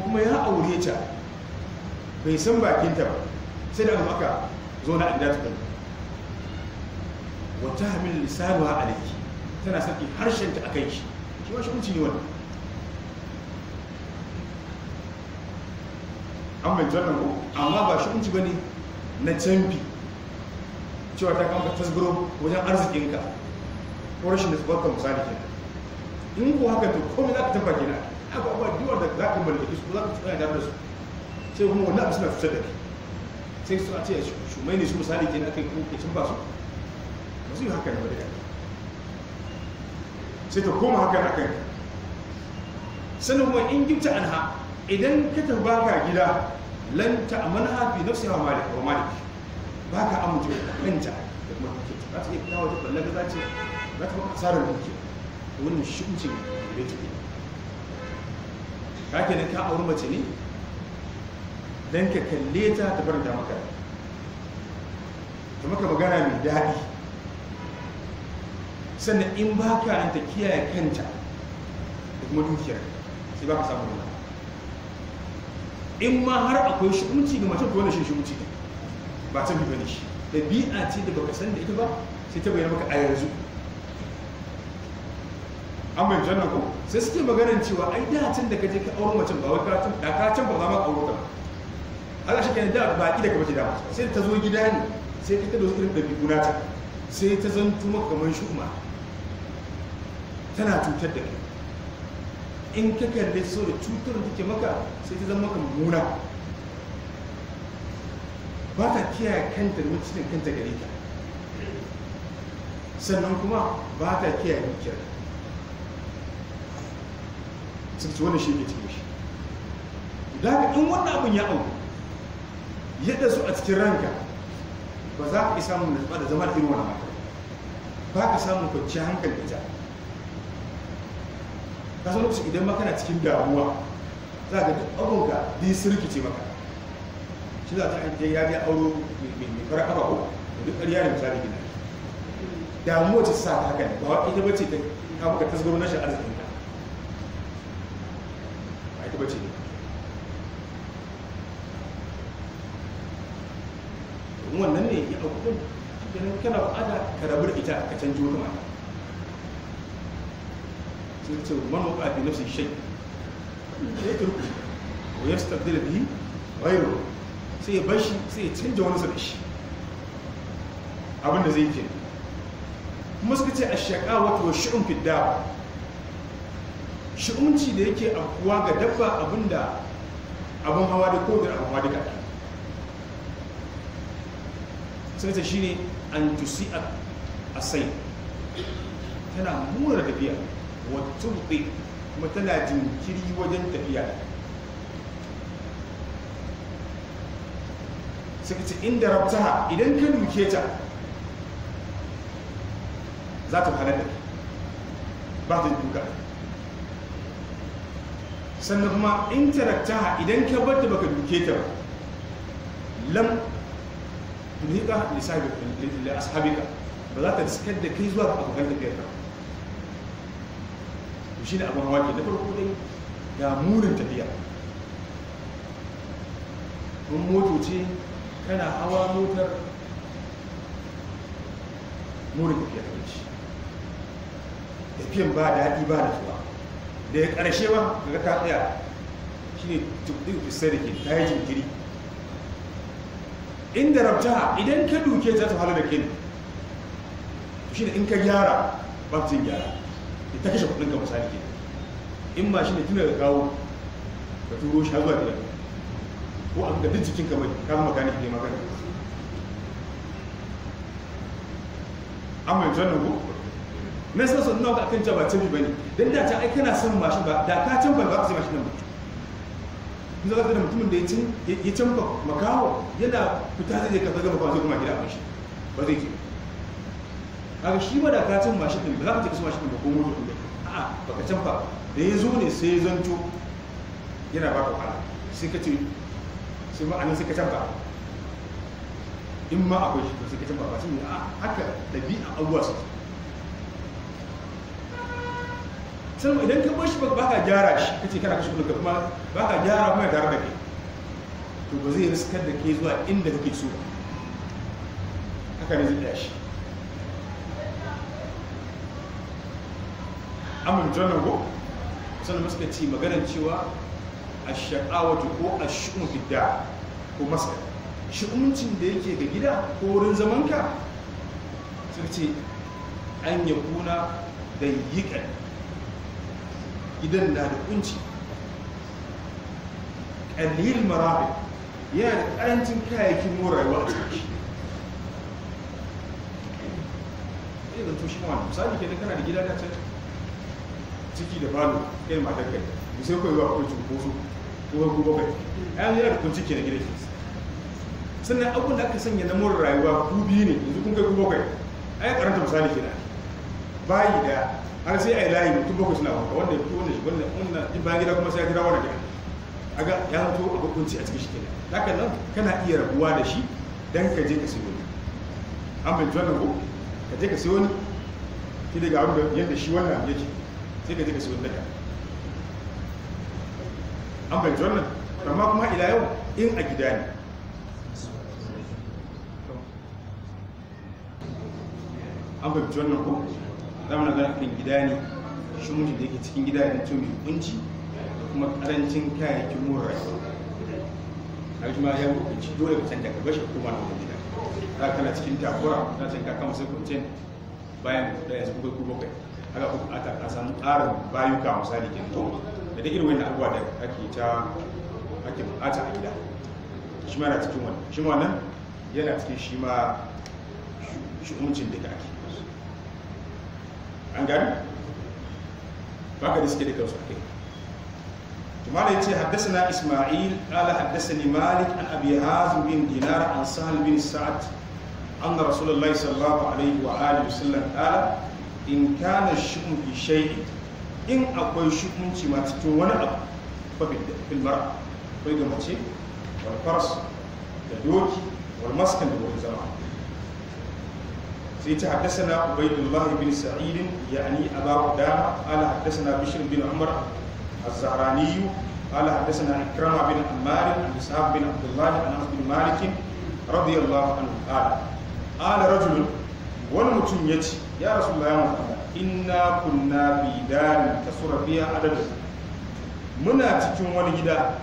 kuma ya aure ta bai san bakinta ba sai da maka zo na inda tukun wata hamil lisanu ha alaiki tana sarki harshen ta akan shi shi ma shi ne wannan an bai tuwan ko amma ba shi kunci bane na canfi cewa ta kama tasgaro wajen arzikinka ko rashin da su barka misali ke in ko haka to komai za ka gina haka ba duwar da za ka mallaki su za ka tsaya da su sai kuma wannan abu suna fitar da ke sai su a ce shumai ne su misali ke na kai kuma ke cin ba su ba su yi haka na wadda sai ta koma haka na kai sannan kuma in gimta anha idan ka ta ba ka gida lan ta amana hafi nafsi hawa da wa malik ka amince da kanta da kuma kake za ta iya kawo ta balla ga zace za ta baka asarar dukiya wannan shi'uncin da take ka kenan ka auri mace ne don ka kalle ta ta faranta maka ta maka magana mai daɗi sannan in ba ka nan ta kiyaye kanta da kuma dukiyar sai ba ka samu nuna in ma har akwai shi'umci ga mace ko wani shi shi'umci ne ba ta biyu ne shi ɗabi'a ce da baka san da ita ba sai ta bayyana maka a yanzu an bai jannan ko sai suke maganar cewa ai da tun da ka je ka auri macen ba wai ka tun da ka can ba za ma auro ka kaga shi kenan da ba ki daga waje da sai ta zo gida ne sai ta da irin dabi'u nata sai ta zanto maka kamar shuma tana cutar da kai in ka kalle so da cutar da take maka sai ta zama maka muna ba ta kiyaye kanta da mutum kanta gare ka sannan kuma ba ta kiyaye dukiyar sun ci wani shi ke cikin shi da ka in wannan abin ya auku yadda su a cikin ranka ba za ka isa mun da zama da irin wani ba ka samun kwanci hankali ita ka san lokacin idan makana cikin damuwa za ka da abunka bi ce maka shi za ta an ya biya auro mai fara kafa ko da duk ƙarya da misali gina damuwa ce sa ta haka ne ba wa ita bace ta kafa ka tasgaro na shi arzikin ka ba ita bace ne wannan ne ya da din ganin kana ba'ada ka rabar da ita ka canji wata mata sai ce man waqa bi nafsi shay ya turku wa yastabdil bihi ghayru sai ya bashi sai ya canja wani sa shi abin da zai ke kuma suka ce ashaqawatu wa shi'un fidda dawa shi'unci da yake afkuwa ga dabba abinda abin hawa da ko da abin hawa duka sai ce shine an tusi a sai tana mura tafiya wa tubdi kuma tana jinkiri wajen tafiya suka ce inda rabta idan ka duke ta za ta hana da ba ta duka sannan kuma intanet taraktaha idan ka bar ta baka duke ta ba lam tunhika li ashabika ba za ta riskar da kai zuwa ga abokan tafiyar ka to shine abin hawa ke na farko dai ga murin tafiya in moto ce kana hawa motar murin tafiya ta shi tafiyan ba daɗi ba da zuwa da ya ƙarshe ba ga ta tsaya shine tukɗin fisar da ke ta yi jinkiri inda rabta idan ka duke ta tafi da kini shi ne in ka gyara ba ta yin gyara ta kashe kudin ka misali ke in ma shi ne tuna da kawo ka turo shi har zuwa gida ko an ga duk jikin ka bai kama makani ne makani amma yanzu wannan ko na san sun nawa kan jaba tabi bane dan da ta aikana kana son ba da ka can ba ba ka sai mashi nan ba in za ka da mutumin da ya can makaho yana fita zai je ka zaga makaho zai kuma gida a shi ba zai ke haka shi ba da ka can mashin ɗin ba za ka je ka mashin ɗin ba ko moto ɗin a'a ba ka can ba da ya zo ne sai ya zanto yana ba ka wahala sai ka ce sai ma anan sai ka can ba in ma akwai shi ba sai ka can ba ba shi ne a haka ɗabi'a abubuwa su saboda idan ka bashi ba ka gyara shi kace kana kashe kudin ka kuma ba ka gyara kuma ya tare da kai to ba zai riskar da ke zuwa inda kake so haka ne zai shi amin jonan go sannan muka ci maganar cewa a sha'awatu ko a shi'un fidda ko masa shi'uncin da yake ga gida ko wurin zamanka suka ce an kuna da yiƙan gidan na da kunci ƙalil marabi yana da ƙarancin kayayyakin morewa a cikin shi zanto shi wani misali ke kana da gida ta ciki da falo ɗaya matar kai da sai kawai ba kawai cunkoso ko ko bakwai ayan yana da kunci ke na gida shi sannan abin da aka sanya na more rayuwa ku biyu ne yanzu kun kai ku bakwai ayan karanta misali ke na bayi da har sai a yi layi mutum bakwai suna wanka wanda ya fito wanda shi wanda wanda in bayan gida kuma sai ya kira wanda gida a ga ya fito a hukunci a cikin shi kenan haka nan kana iya rabuwa da shi dan ka je ka sai wani an bai tuwa ko ka je ka sai wani ki daga abu da yadda shi wannan yake sai ka je ka sai wani daga an bai tuwa nan amma kuma ila yau in a gida ne an bai tuwa nan ko za mu magana kan gida ne shi mutum da yake cikin gida ne cin kunci da kuma karancin kayayyakin more rayuwa a yi ma ya hukunci dole ka canja ka bashi koma na wani gida za ka na cikin takura za ka canja kama sai kwanciyar bayan da ya kuka kuma kai haka kuma a ka samu ƙarin bayuka misali ke to da dai irin wani abuwa da ake ta ake bukata a gida shi ma na cikin wannan shi ma wannan yana cikin shi ma shi'uncin da ake an gani ba ka riske da kansu ake isma'il ala ni malik an abi hazu bin dinar an sahal bin sa'ad in akwai shukunci ma wani abu ba ga mace walfars da doki walmaskan da wani zama sai ta haddasana ubaidullah bin sa'id yani aba qudama ala haddasana bishr bin umar az-zahrani ala haddasana ikrama bin ammar an sahab bin abdullah an anas bin malik radiyallahu anhu qala qala wani mutum ya ce ya rasulullahi muhammad inna kunna fi darin kasura adadu muna cikin wani gida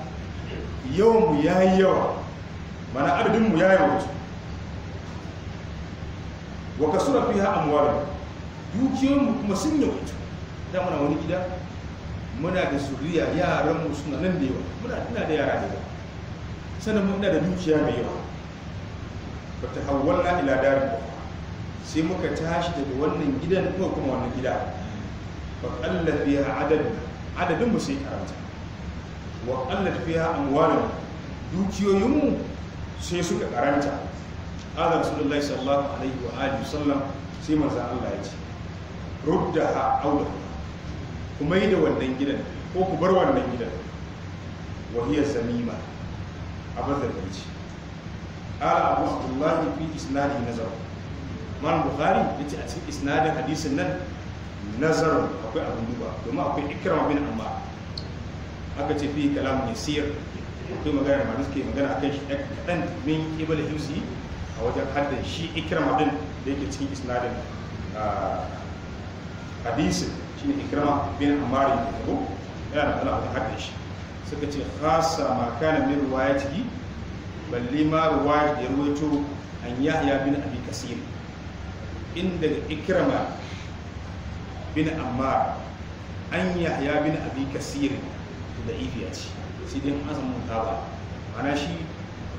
yawan mu yayi yawa mana adadin mu yayi wato wa kasura fiha amwaluhum dukiyoyinmu kuma sun yawaita da muna wani gida muna da suriya yaranmu suna nan da yawa muna ina da yara da yawa sannan muna da dukiya mai yawa ba ta hawwalna ila darin ba sai muka tashi daga wannan gidan ko kuma wani gida ba kalla fiya adadin adadin mu sai karanta wa kalla fiya amwalan dukiyoyinmu sai suka karanta qala rasulullahi sallallahu alaihi wa alihi sallam sai manzo Allah ya ce ha Aula. ku mai da wannan gidan ko ku bar wannan gidan wahiyar samima a bazar da ce ƙara abu abdullahi fi isnadi nazar man bukhari ya ce a cikin isnadin hadisin nan nazar akwai abin duba domin akwai ikirama bin amma aka ce fi kalam ne siyar akwai magana ma suke magana akan shi ɗan kaɗan min ibal himsi a wajen haddin shi ikirma din da yake cikin isnadin hadisin ne ikirma bin amari da kuma yana da wajen haddin shi suka ce khasa ma kana min riwayatihi balli ma riwayat da ruwaito an yahya bin abi kasir inda ikirma bin amari an yahya bin abi kasir da ibiya ce sai dai an samu mutaba ana shi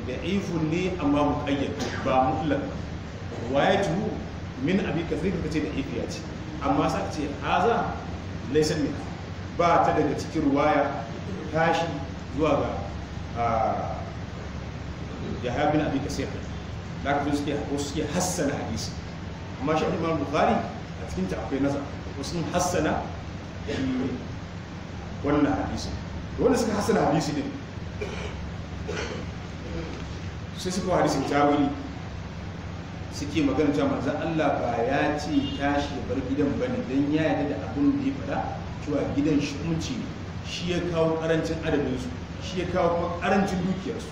da'ifun ne amma muqayyad ba mutlaq riwayatu min abi kathir ka ce da'ifiya ce amma sa ce haza laysa min ba ta daga cikin ruwaya tashi zuwa ga yahya bin abi kathir da ka suke suke hassana hadisi amma shi imam bukhari a cikin ta akwai nazar wasu sun hassana wannan hadisi wanda suka hassana hadisi ne sai suka hadisin tawili suke magana cewa manzan Allah ba ya ce tashi ya bar gidan ba ne don ya yadda da abin da ya fada cewa gidan shi ne shi ya kawo karancin adadinsu shi ya kawo kuma karancin dukiyarsu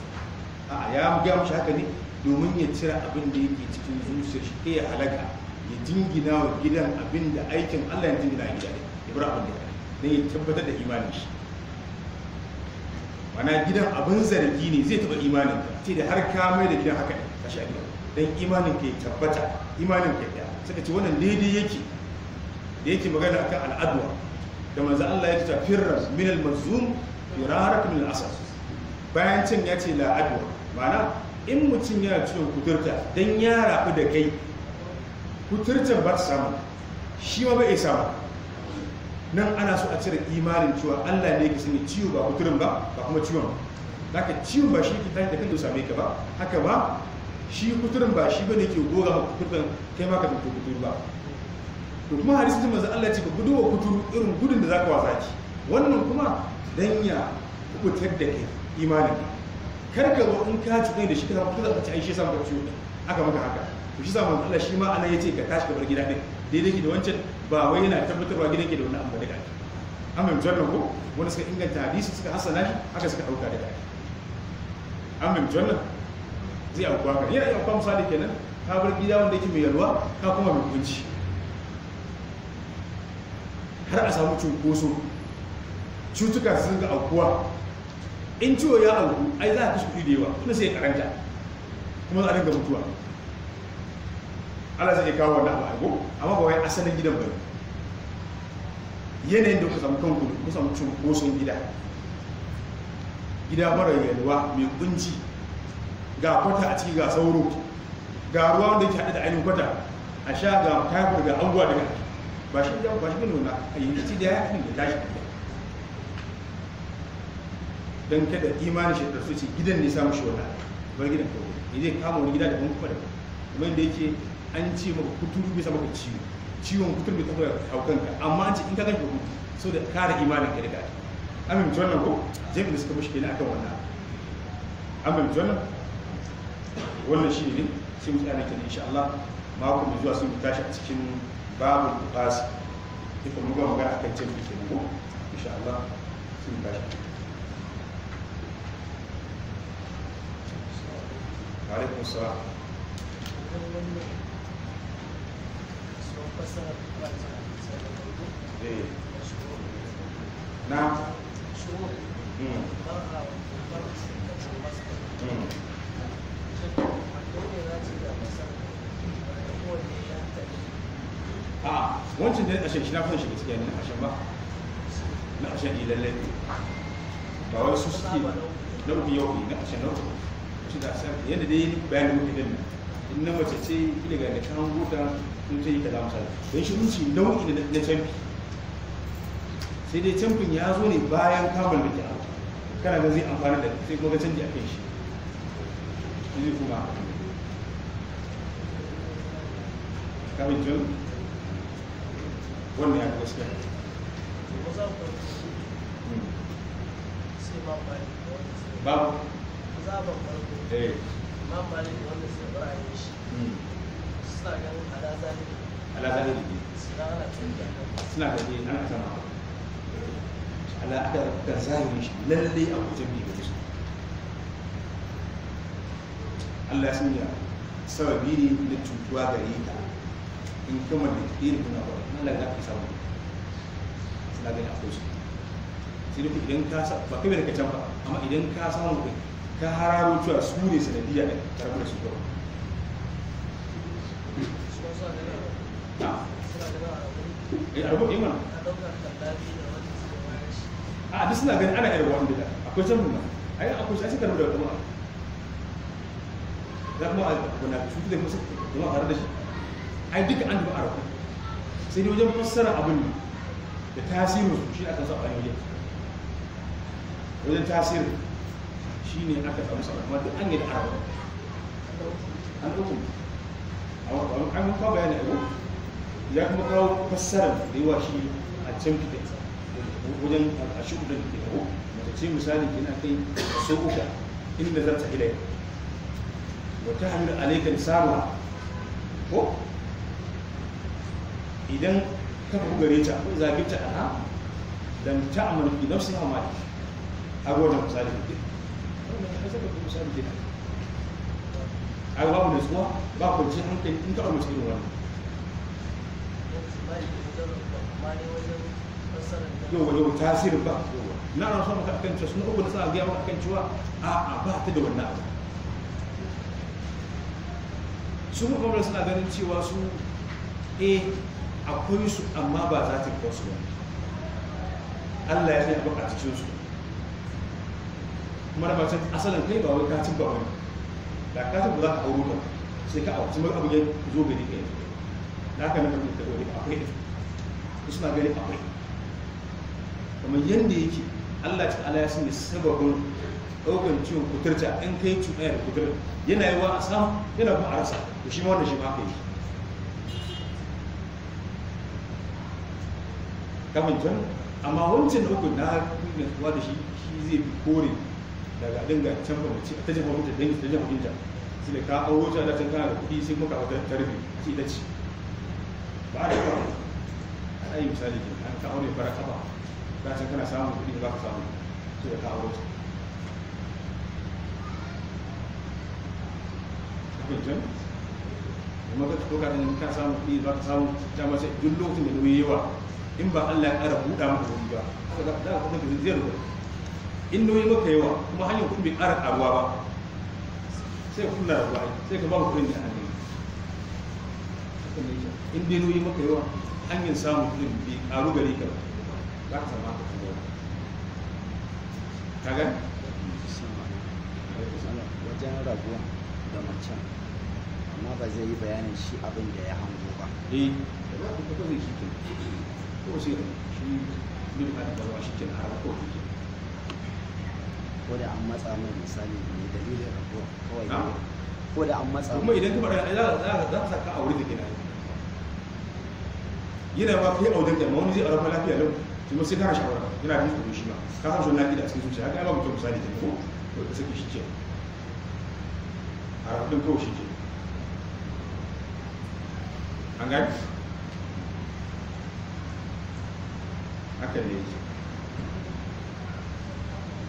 a ya gaya mu haka ne domin ya cire abin da yake cikin zuciyar shi ya halaka ya jingina wa gidan abin da aikin Allah ya jingina a gida ya bar abin da ya don ya tabbatar da imanin shi mana gidan abin zargi ne zai taɓa imanin ce da har ka mai da gidan haka ne ka shi gidan don imanin ka ya tabbata imanin ka ya suka ce wannan daidai yake da yake magana akan al'adwa da manzo Allah ya ta firra min al-mazlum firarak min al-asad bayan cin ya ce la'adwa mana in mutum yana ciwon kuturta dan ya rafu da kai kuturtar ba ta samu shi ma bai samu nan ana so a cire imanin cewa Allah ne ke sani ciwo ba kuturin ba ba kuma ciwon ba haka ciwon ba shi ke tafi da kan same ka ba haka ba shi kuturin ba shi bane ke goga ma kuturin kai ma ka kuturin ba to kuma hadisi din manzo Allah ya ce ka gudu wa kuturu irin gudun da zaka wasa ki wannan kuma dan ya kubutar da kai imanin kar ka zo in ka ci da shi ka kuturin ka ci ai shi samu ciwo aka maka haka to shi samu Allah shi ma Allah ya ce ka tashi ka bar gida din daidai ki da wancan ba wai yana tabbatarwa gidan ke da wani abu da kake an fahimci wannan ko wani suka inganta hadisi suka hasana shi aka suka dauka da kake an fahimci wannan zai aukuwa ka yana iya aukuwa misali kenan ka bar gida wanda yake mai yalwa ka kuma mai kunci har a samu cunkoso cutuka su ga aukuwa in ciwo ya auku ai za a kashe kuɗi da yawa kuma sai ya karanta kuma za a dinga mutuwa Ala zai kawo wannan abu aigo amma ba wai asalin gidan ba ne. yanayin da ku samu kanku ku samu cunkoson gida gida mara yalwa mai kunci ga kwata a ciki ga sauro ga ruwa wanda ke haɗe da ainihin kwata a sha ga tafur ga abubuwa daga ba shi da ba shi ne nuna a yi ci da ya haɗin da tashi don kada imanin shi da su ce gidan ne samu shi wata bar gidan kawai ne zai kama wani gida da kuma kwata kamar da yake an ce maka kuturu bisa maka ciwo ciwon kuturu bai taɓa kanka amma an ce in ka gaji hudu so da kare imanin ka da gaji an mimci wannan ko jami'in da suka mashi kenan akan wannan an mimci wannan wannan shi ne sai mutu tsaya kenan insha Allah mako mai zuwa sun tashi a cikin babu basi ita mugan magana akan jami'in kenan ko insha Allah sun tashi عليكم السلام na a da ashe shi na fahimci gaskiya ne ashe ba na ashe ne lallai ba wai su suke na yau ne na ashe na uku shi da ashe yadda dai bayanin mutu din in na mace ce iliga da kan gudan in zai yi kaza misali don na canfi sai dai canfin ya zo ne bayan kamar da kyawu kana ga zai amfani da sai kuma ga canji a kai shi zai kuma kamar jin wannan ya gaskiya hmm. babu babu eh mamali wanda sai ba a yi shi ala zahiri ne suna ganin ana sama ala aka da zahiri shi lalle a wajen bi gare Allah sun ya sababi ne na cutuwa gare ta in kama da irin kuna ba Allah ya ka samu suna ganin akwai su sai duk idan ka ba kai da ka can ba amma idan ka samu ka hararo cewa su ne sanadiyya da karɓar su ba eh arba a duk suna gani ana yarwa wanda akwai can nuna ai akwai shi kan da kuma da kuma wanda su da musu kuma tare da shi ai duka an duba arabu sai dai wajen fassara abin da tasirin su shi aka a yau wajen tasirin shi ne aka samu sa'a amma duk an yi da arabu an ɗauki an ɗauki an ɗauki an ɗauki ya kuma kawo fassara da yawa shi a can fitar wajen a shi da ke kawo mace ce misali kina kai so uka inda za ta ilai wata hamilu alaikar sama ko idan ka fi gare ta ko zage ta ana dan ta amana fi nafsi ha mali a gwada misali da wannan ka saka babu da tsuwa ba kwanci hankali in ta amince irin wani yau wajen tasirin ba na an samu kan cewa suna uku da suna gaya maka kan cewa a a ba ta da wannan abu su kuma suna ganin cewa su a eh, akwai su amma ba za ta kawo su Allah ya ne abu a cikin su kuma da bacin asalin kai ba wai kacin ba wani da kacin ba za ka auro ba sai ka abu abin ya zo gani ka da haka na mutum da wani akwai da suna gani akwai kuma yadda yake Allah ta'ala ya sani sababin ɗaukan ciwon kuturta in kai cuɗaya da kuturta yana yi wa a samu yana kuma a rasa da shi ma wanda shi ma haka yake kamar jan amma wancan da uku na kuma da shi shi zai bi kore daga dinga can ba mace ta jefa mutu dangi ta jefa mutunta sai da ka auro ta da can kana da kuɗi sai kuma ka wata tarbi a ce ita ce ba a da yawa ana yi misali ke an ka aure fara kafa ka ce kana samun kuɗi ba ka samu sai da ka aure su kafin can amma ka ko ka ka samun kuɗi ba ka samu ta ma sai duk lokacin da nauyi yawa in ba Allah ya ƙara buɗa maka wuri ba haka za ka kasance zai zai in nauyi maka yawa kuma hanyar kuɗi bai ƙara ƙaruwa ba sai ka kulla rabuwa sai ka ba mu kuɗin da hannu kalle shi in maka yawa hanyar samun ilimi bi karu gari ka ba ka zama ka wajen da macen amma ba zai yi bayanin shi abin da ya hango ba eh da ba ka zai shi ke ko shi da ba shi ke ko ko da an matsa mai misali ne dalilin rabuwa kawai ko da an matsa kuma idan ka faɗa za ka saka aure da yana ba kai audar da mawani zai aure lafiya lau kuma sai kana shawara yana da mutum shi ma ka san na gida cikin zuciya haka ba mutum misali da ko ko ka saki shi ce a rafin kawai shi ce an gani haka ne yake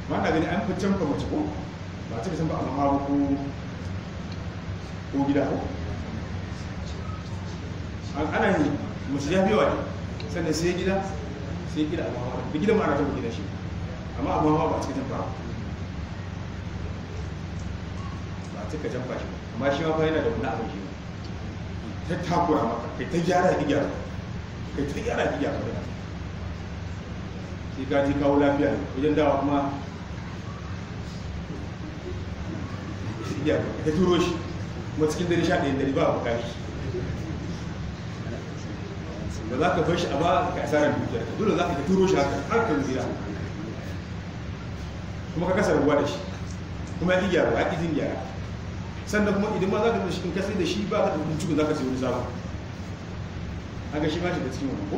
ma ka gani an fi canfa mace ko ba ta san ba a zama ba ko ko gida ko ana yi musu ya biyo ne sannan sai gida sai gida a mawa da gida ma'ana ta gida shi amma a mawa ba a cikin jamfa ba a cika jamfa shi amma shi ma fa yana da wani abin shi ta takura maka kai ta gyara ki gyara kai ta gyara ki gyara da sai ka ji kawo lafiya ne wajen dawa kuma ya ta turo shi kuma cikin dare sha ɗaya dare ba a bukashi da za ka bar shi a ba ka asarar dukiya dole za ka ka turo shi haka har ka zira kuma ka kasa ruwa da shi kuma ya ƙi gyara ya ƙi jin gyara sannan kuma idan ma za ka shi in ka da shi ba ka da bincike za ka sai wani a ga shi ma shi da cikin wani ko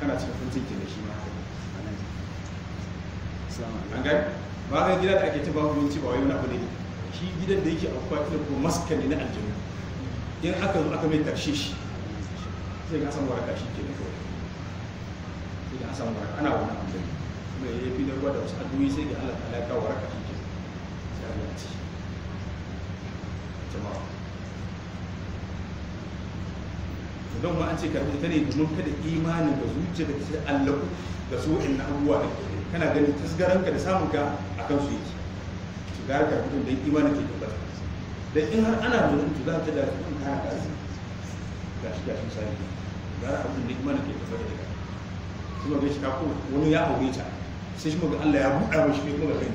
kana cikin fintin ke da shi ma haka an gani ba ka gida da ake ta babu yanci ba wai wani abu ne shi gidan da yake akwai ko maskani na aljanu in aka zo aka mai tarshe shi sai ga samu waraka shi ke da kawai sai ga samu waraka ana wani abu kuma ya fi da wasu adumi sai ga Allah ta waraka shi ke sai Allah ci jama'a to don ma ce karbi ta ne domin kada imanin da zuciya da sai Allah da su wa'in abubuwa da kana gani tasgaranka da a kan su yake to karbi da imanin ke dan in har ana zuwa to za ta da kuma ciki a abin wani ya aure ta sai ga Allah ya buɗa mashi ne kuma da anan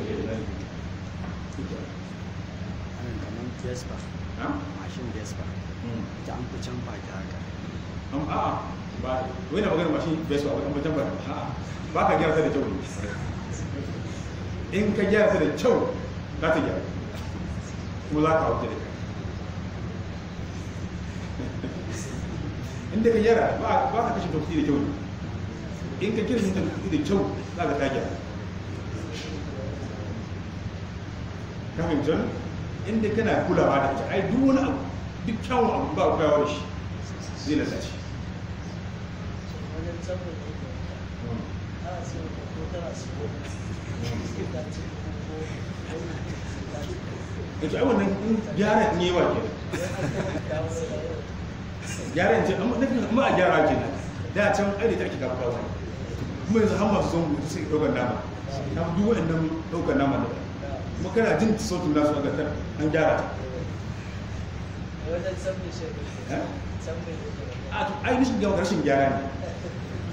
mashin hmm. ita an fi can ba ta haka an ba na mashin an fi can ba ba ka gyara ta da in ka gyara ta da kyau za kuma za ka da kyau inda ka yara ba ka kashe lokaci da kyau in ka kira mutum da kyau za ka tage kafin fahimci inda kana kulawa da ita ai duk wani abu duk kyawun abu ba kulawa da shi zai lalace ita ai wannan gyara ne wa ke gyaran ce amma a gyara ke da, da can aini ta ake kafa kawo kuma yanzu har masu zon gudu sai ɗaukar nama ta duk waɗannan ɗaukar nama da kuma kana jin sautin nasu a gasar an gyara ta eh? a to ai nishin gama rashin gyara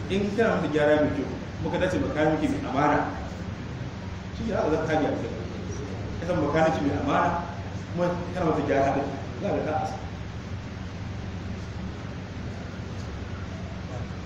ne in kana mata gyara mai kyau muka dace makaniki mai amana shi ya za ta kage a kai kasan makaniki mai amana kuma kana mata gyara ɗin za ka ta asa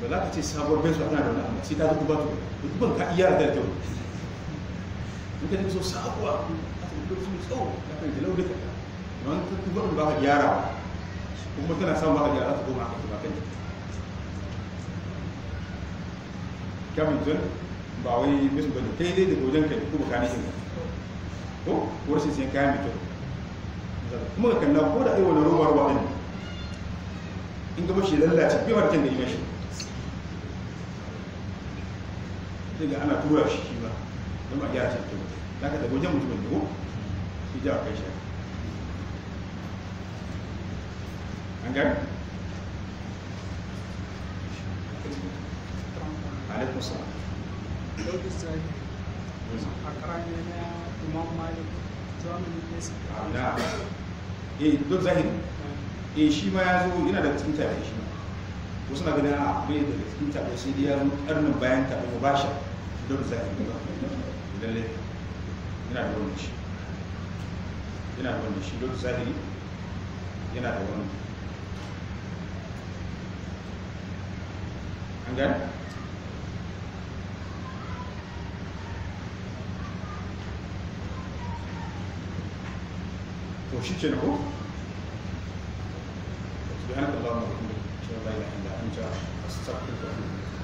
ba za ka ce sabuwar bensu ana da wani sai ta zuku ba to duk ban ka iya da kyau in ka tafi so sabuwa a tafi da su tsawo ya kan jalau duka amma in ka tuba ba ka gyara ba kuma tana samun ba ka gyara ta koma a kan kan jiki kyamun tun ba wai bensu ba ne kai dai da gojen kai kuma baka nishin ka ko ko rashin sayan kayan mai kyau kuma ka kalla ko da irin wani roba roba ɗin in gaba shi lallace bai martin da yi mashi sai ana tura shi shi ba zama a gyara daga da wajen da shi ja kai shi an gani a karami na imam malik ne eh duk zahiri eh, ma ya zo yana da cikin tafiya shi wasu na ganin a ah, bai da cikin tafiya sai dai ya zo karnin bayan tafiya ba shi dole sai an gaba lalle yana da wani shi yana da wani shi dole zahiri yana da wani an gane to shi ke na ko سبحانك اللهم وبحمدك اشهد ان لا اله الا انت استغفرك واتوب اليك